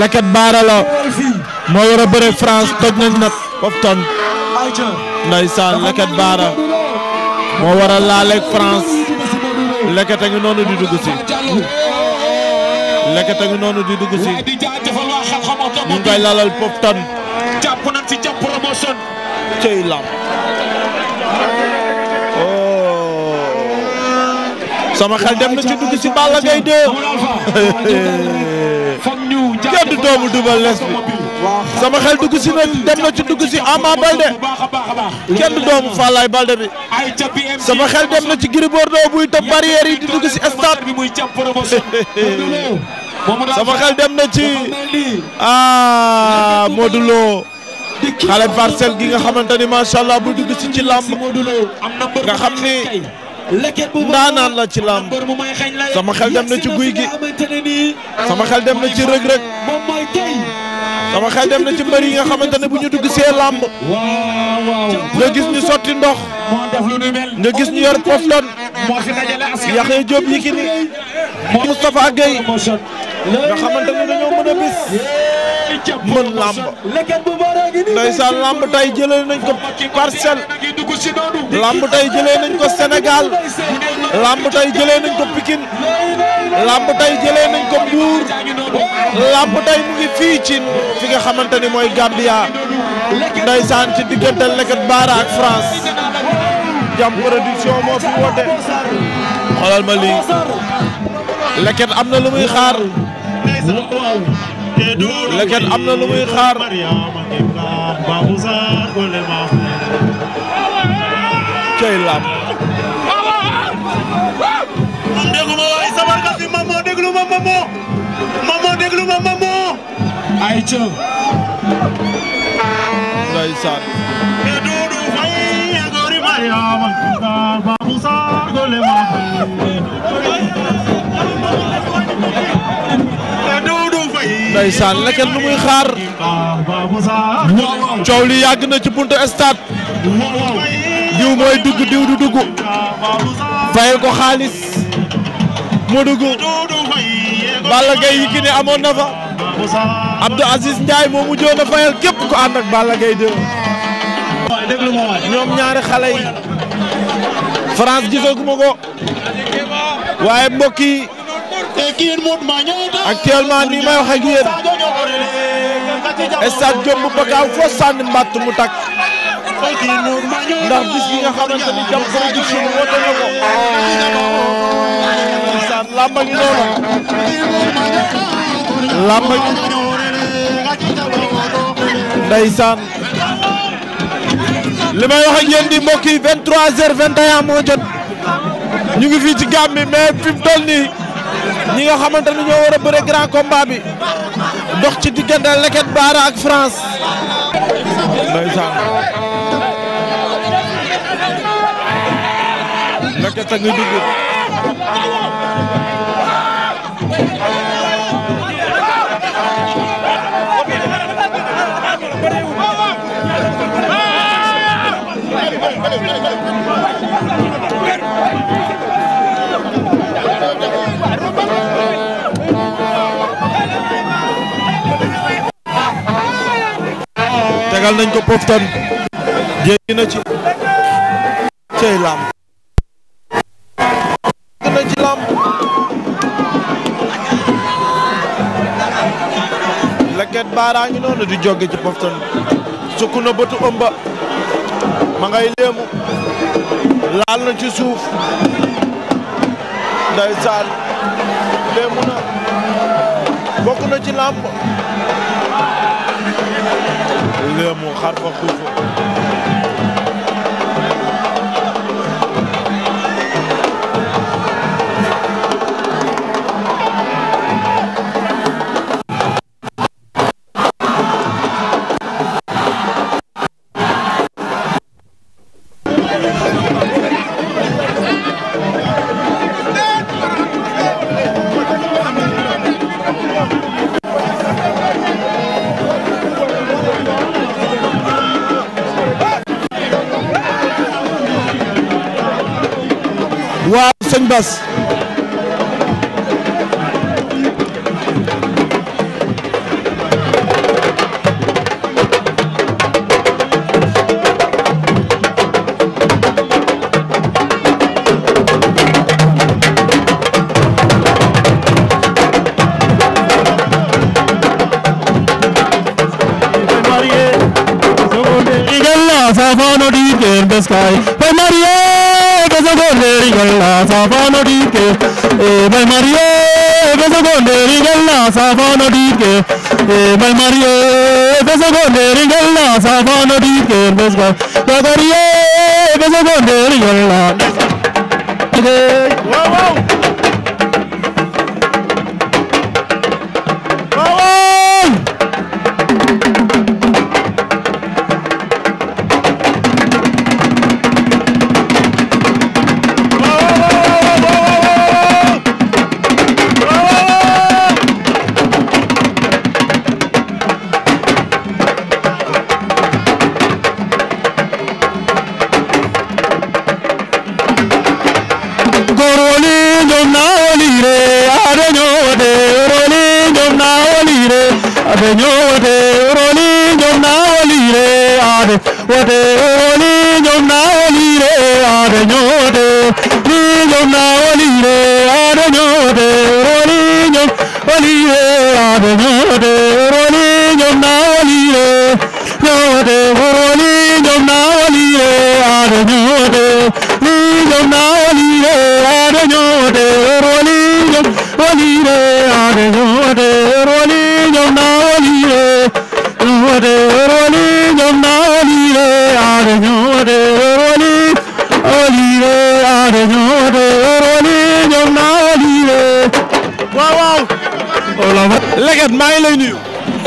Leket Baara la moo war a bëre France toj nañ nag Pofton ndeysaan Leket Baara moo war a France Leket a ngi noonu di dugg si Leket a ngi noonu jàpp nañ si jàpp promotion cey lam oh. sama xel dem na ci dugg si Balla Gaye 2 doomu Double Less bi sama xel dugg si na dem na ci dugg si Ama Balde kenn doomu Fallaye Balde bi sama xel dem na ci Gris Bordeaux buy tëb barrière yi di dugg si stade sama xel dem na ci ah Modou Lo xale parcelle gi nga xamante ni macha allah buy dugg si ci làmb nga xam ni. ndaanaan la ci làmb sama xel dem na ci guy gi sama xel dem na ci rëg-rëg sama xel dem na ci mbër yi nga xamante ne bu ñu dugg see làmb nga gis ñu sotti ndox nga gis ñu yor poflon Yaxya Jóob Yékini Moustapha Gueye nga xamante ne dañoo mën a bis mën làmb ndeysaan làmb tey jëlee nañ ko parcelle làmb tey jëlee nañ ko Sénégal làmb tey jëlee nañ ko Pikine làmb tey jëlee nañ ko Mbour làmb tey mu ngi fii ci fi nga xamante ni mooy Gambia ndeysaan ci diggante Leket Baara ak France Jam Production moo fi woote xoolal ma lii Leket am na lu muy xaar Leket am na lu muy xaar cey lamb déglu ma waay sabar nga fi Momo déglu ma Momo Momo déglu ma Momo ay ca ndeysaan Doudou Faye a gori Mariama Babou Sarr gole ma ndeysaan leket lu muy xaar coow li yàgg na ci buntu stade diw mooy dugg diw du dugg faye ko xaalis mu dugg Balla yi ki ne amoon na fa Abdou Aziz Ndiaye moo mujjoon a fayal képp ko ànd ak Balla Gaye ñoom ñaari xale yi France gisaguma ko waaye mbokk yi actuellement nii may wax ak yéen stade Diop bu Bakaaw foo sànni mbàtt mu takk ndax bis bi nga xamante ni Jam Production woote na ko ndeysaan làmb gi noonu làmb gi li may wax ak yéen di mbokk yi 23h21 moo jot ñu ngi fii ci Gàmbi mais fi mu ñi nga xamante ni ñoo war bëre grand combat bi dox ci diggante Leket Baara ak France. tegal nañ ko na ci leket baaraa noonu di jóge ci poftan sukk na bëtu ëmba ma ngay léemu laal na ci suuf ndeysaan léemu na bokk na ci làmb lëmu xar fa xuufu bas Sky. safano dike e eh, bay mario be so gonde rigalla safano dike e eh, bay mario be so gonde rigalla safano dike be so be mario be wate Maguette maa ngi lay nuyu.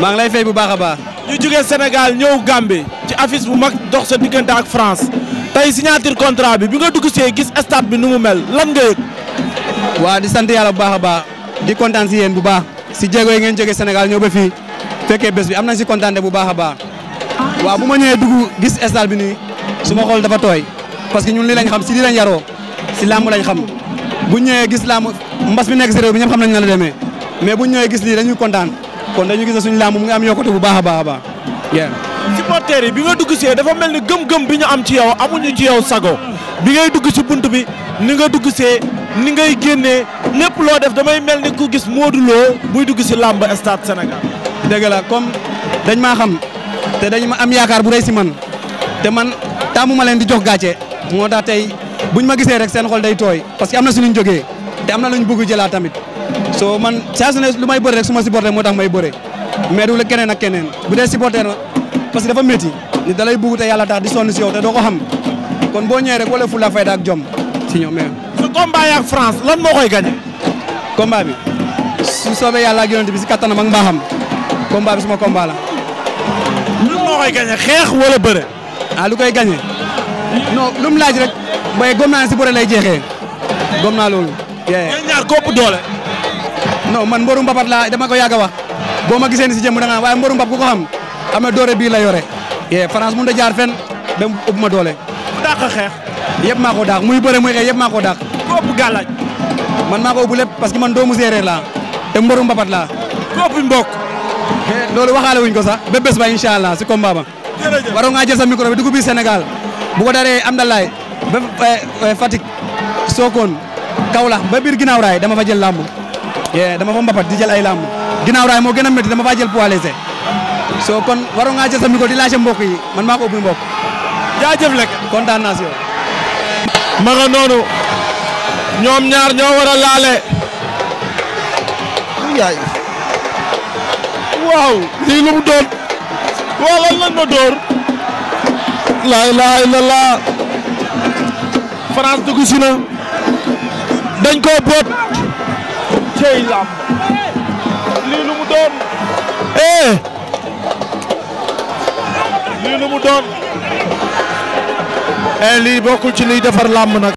maa ngi lay fay bu baax a baax. ñu jógee Sénégal ñëw Gambie ci affiche bu mag dox sa diggante ak France tey signature contrat bi bi nga dugg see gis stade bi nu mu mel lan nga yëg. waa di sant yàlla bu baax a baax di kontaan si yéen bu baax si jéego yi ngeen jógee Sénégal ñëw ba fii fekkee bes bi am nañ si kontaan bu baax a baax waaw bu ma ñëwee dugg gis stade bi nii su ma xool dafa tooy parce que ñun lii lañ xam si lii lañ yaroo si làmb lañ xam bu ñëwee gis làmb mbas mi nekk si bi ñëpp xam nañ na la mais bu ñu ñëwee gis lii dañuy kontaan kon dañu gis ne suñu làmb mu ngi am yokkute bu baax a baax a baax. supporters yi bi nga dugg see dafa mel ni gëm-gëm bi ñu am ci yow amuñu ci yaw sago bi ngay dugg ci bunt bi ni nga dugg see ni ngay génnee lépp loo def damay mel ni ku gis Modou Lo buy dugg si làmb stade Sénégal. dëgg la comme dañ maa xam te dañ ma am yaakaar bu rëy si man te man taamu ma leen di jox gàcce moo tax tey ñu ma gisee rek seen xol day tooy parce que am na suñu jógee am na luñ bëgg jëlaat soo man saa su ne lu may bëre rek su ma moo tax may bëre mais du la keneen ak keneen bu dee supporter na parce que dafa métti ni da lay te yàlla tax di sonn si te doo ko xam kon boo ñëwee rek wala fulla fayda ak jom si ñoom mais. su combat yi France lan moo koy gagné. combat bi su soobee yàlla ak yonent bi si kattanam ba mbaaxam komba bi suma combat la. lan moo koy gagné xeex wala bëre. ah lu koy gagné non lu mu laaj rek mooy gom naa si bëre lay jeexee gom naa loolu. non man mboru mbapat laa dama ko yàgg wax boo ma gisee si jëmm da nga waaye mboru mbap ku ko xam am doore bii la yore yee France mun da jaar fen ba mu ëpp ma doole. ku dàq xeex. muy bëre muy xeex yëpp maa ko dàq. ku man maa ko ëpp parce que man doomu séeréer laa te mboru mbapat laa. ku ëpp mbokk. loolu waxaale wuñ ko sax ba bés ba incha allah si combat ba. jërëjëf waroon ngaa jël sa micro bi dugub bi Sénégal bu ko daree Amdalaay ba eh, eh, Fatick dama fa jël làmb dama fa mbapat di jël ay làmb ginnaaw moo gën a métti dama faa jël poids soo kon waroon ngaa jël sa di laajte mbokk yi man maa ko ubbi mbokk. jaajëf lekk kontaan naa si yow. ma nga ñoom ñaar ñoo war laale. waaw lii doon waaw lan lañ ma door. laa ilaaha illallaah. France dugg si na. dañ koo boot. lii lu mu doon eh lii lu mu doon eh lii bokkul ci liy defar làmb nag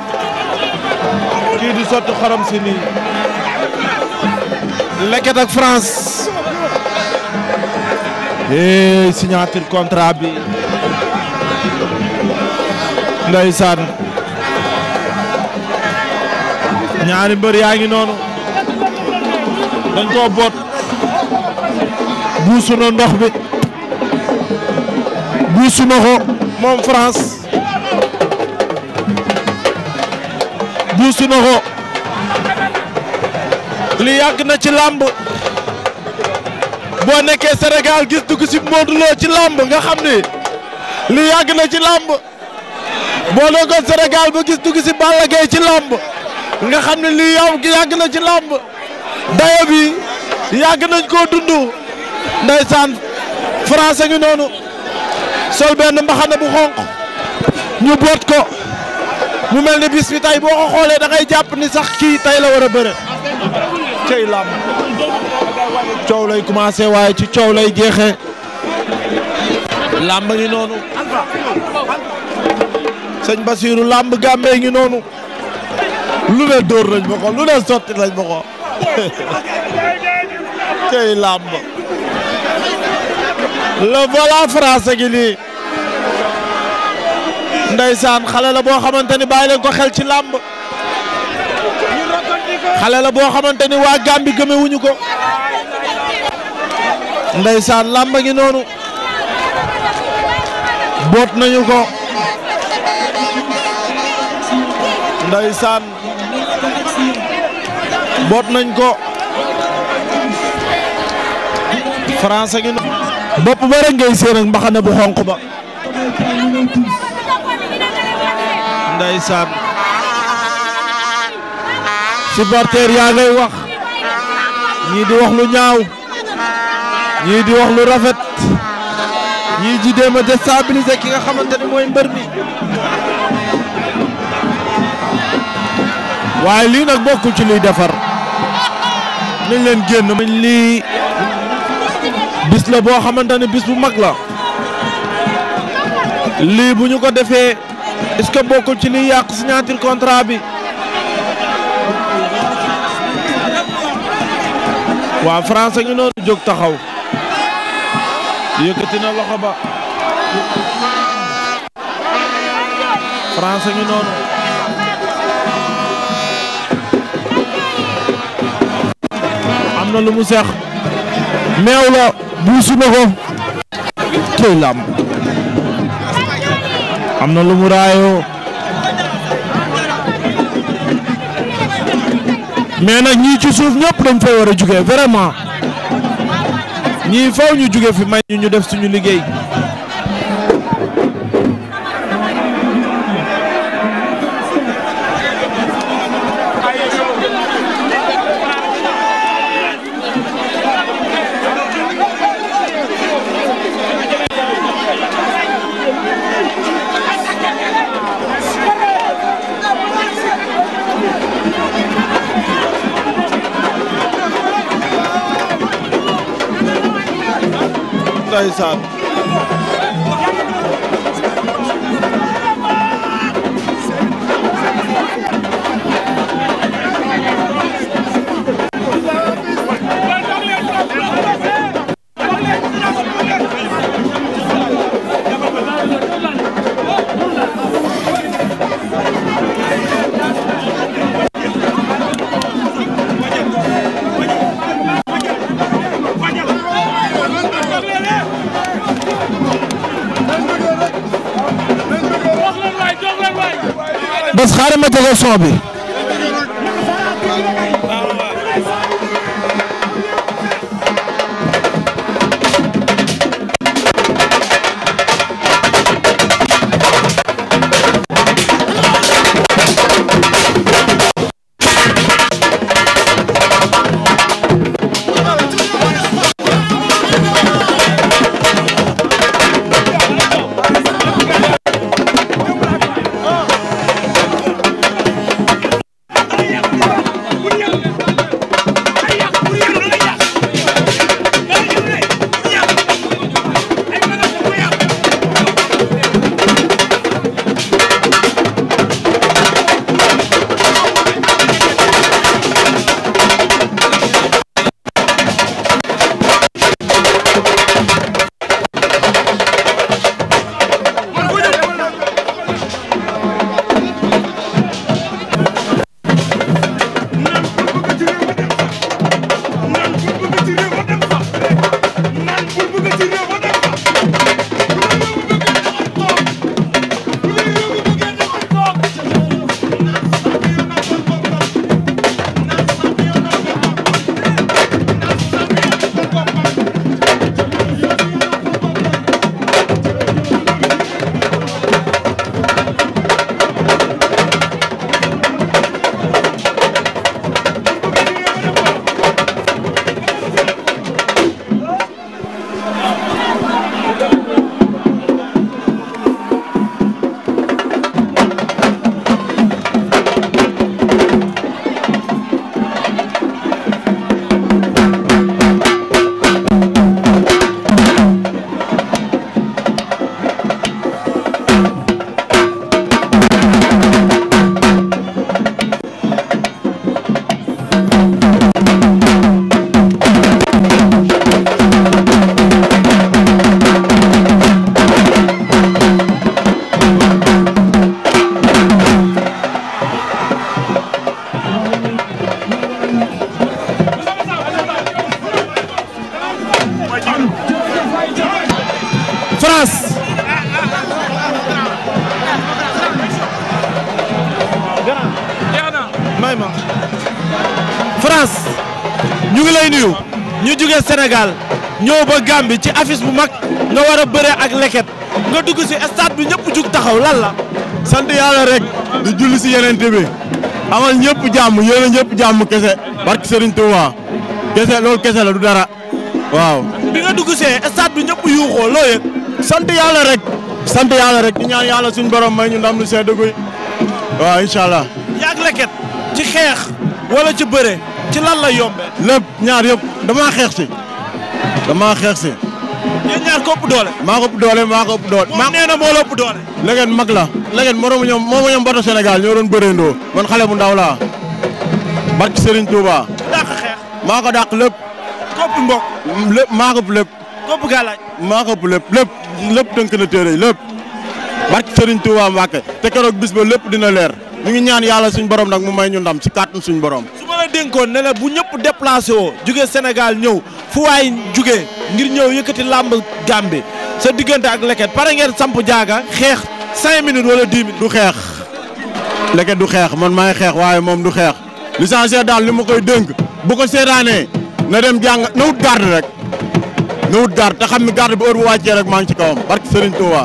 kii di sotti xorom si nii leket ak France eh signature contrat bi ndeysaan ñaari mbër yaa ngi noonu dañ koo boot buusu na ndox bi buusu na ko moom France buusu na ko li yàgg na ci làmb boo nekkee Sénégal gis dugg si Modou Lo ci làmb nga xam ni li yàgg na ci làmb boo nekkoon Sénégal ba gis dugg si Balla ci làmb nga xam ni li yàgg na ci làmb dayo bi yàgg nañ koo dund ndeysaan français ngi noonu sol benn mbaxana bu xonq ñu boot ko mu mel ni bis bi tey boo ko xoolee dangay jàpp ni sax kii tey la war a bëre cey làmb coow lay commencé waaye ci coow lay jeexee làmb ngi noonu sëñ Basiiru làmb gàmbee ngi noonu lu ne dóor lañ ma lu ne sotti lañ ma tey làmb le voilà France gi nii ndeysaan xale la boo xamante ni bàyyi leen ko xel ci làmb xale la boo xamante ni waa Gàmbi gëmewuñu ko ndeysaan làmb gi noonu boot nañu ko boot nañ ko français gi bopp ba rek ngay seen ak mbaxana bu xonq ba ndeysaan supporter yaa ngay wax ñii di wax lu ñaaw ñii di wax lu rafet ñii ji dem a déstabiliser ki nga xamante ni mooy mbër mi waaye lii nag bokkul ci luy defar nañ leen génn mañ lii bis la boo xamante ne bis bu mag la lii bu ñu ko defee est-ce que bokkul ci liy yàq signature contrat bi waa France ngi noonu jóg taxaw yëkkati na loxo ba France ngi noonu am na lu mu seex meew la buusu na ko tey làmb am na lu mu raayoo mais nag ñii ci suuf ñëpp dañ fay war a jóge vraiment ñii faw ñu jóge fi may ñu ñu def suñu liggéey ndeysaan leçon bi Fass may France ñu ngi lay nuyu ñu jógee senegal ñëw ba Gambie ci affiche bu mag nga war a bëre ak leket nga dugg si stade bi ñëpp jug taxaw lan la sant yàlla rek di julli si yeneen bi amal ñëpp jàmm yéen ñëpp jàmm kese barki Serigne Touba kese loolu kese la du dara waaw bi nga dugg see stade bi ñëpp yuuxoo loo yëg sant yàlla rek sant yàlla rek di ñaan yàlla suñu borom may ñu ndam lu sedd guy waaw incha allah. leket ci xeex wala ci bëre ci lan la yombe lépp ñaar yëpp damaa xeex si damaa xeex si. ñaar ko doole. maa ko doole maa ko ëpp doole. maa nee na moo doole. leket mag la leket moromu ñoom moomu ñoom bato Sénégal ñoo doon bëreendoo man xale bu ndaw laa barke Serigne Touba. dàq xeex. maa ko dàq lépp. ko ëpp mbokk. lépp maa ko ëpp lépp. ko lépp tënk na téere yi lépp barke Serigne Touba Mbacke te keroog bis ba lépp dina leer ñu ngi ñaan yàlla suñ borom nag mu may ñu ndam si kàttan suñ borom. su ma la dénkoon ne la bu ñëpp déplacé woo jóge senegal ñëw fu waay jóge ngir ñëw yëkkati làmb Gambie sa diggante ak leket pare ngeen samp jaaga xeex 5 minutes wala 10 minutes. du xeex leket du xeex man maay xeex waaye moom du xeex licencié daal li ma koy dénk bu ko seetaanee na dem jàng na wut garde rek. na wut garde te xam ne garde bu heure bu wàccee rek maa ngi ci kawam barke Serigne Touba.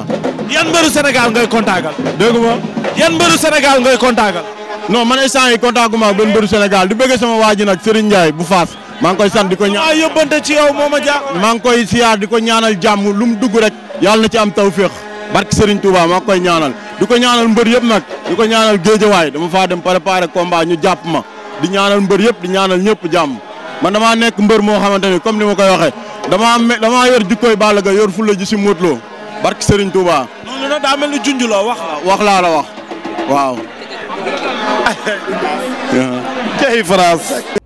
yan mbëru Sénégal ngay kontaagal. dégg ma yan mbëru Sénégal ngay kontaagal. non man instant sange kontaan gu ma ak mbëru Sénégal di bëgg sama waa ji nag Serigne Ndiaye bu Faas maa ngi koy sant di ko ñaan waaw yóbbante ci maa ngi koy siyaar di ko ñaanal jàmm lu mu dugg rek. yàlla na ci am tawféex barke Serigne Touba maa ngi koy ñaanal di ko ñaanal mbër yëpp nag di ko ñaanal géejawaay dama faa dem préparer combat ñu jàpp ma di ñaanal mbër yëpp di ñaanal ñëpp jàmm man damaa nekk mbër moo xamante ni comme ni ma koy waxee damaa damaa yor jikkooy Balla Gaye yor fulla ji si Modou Lo barki Serigne Touba. noonu la daa mel ni junj wax wax laa la wax waaw. jërëjëf France.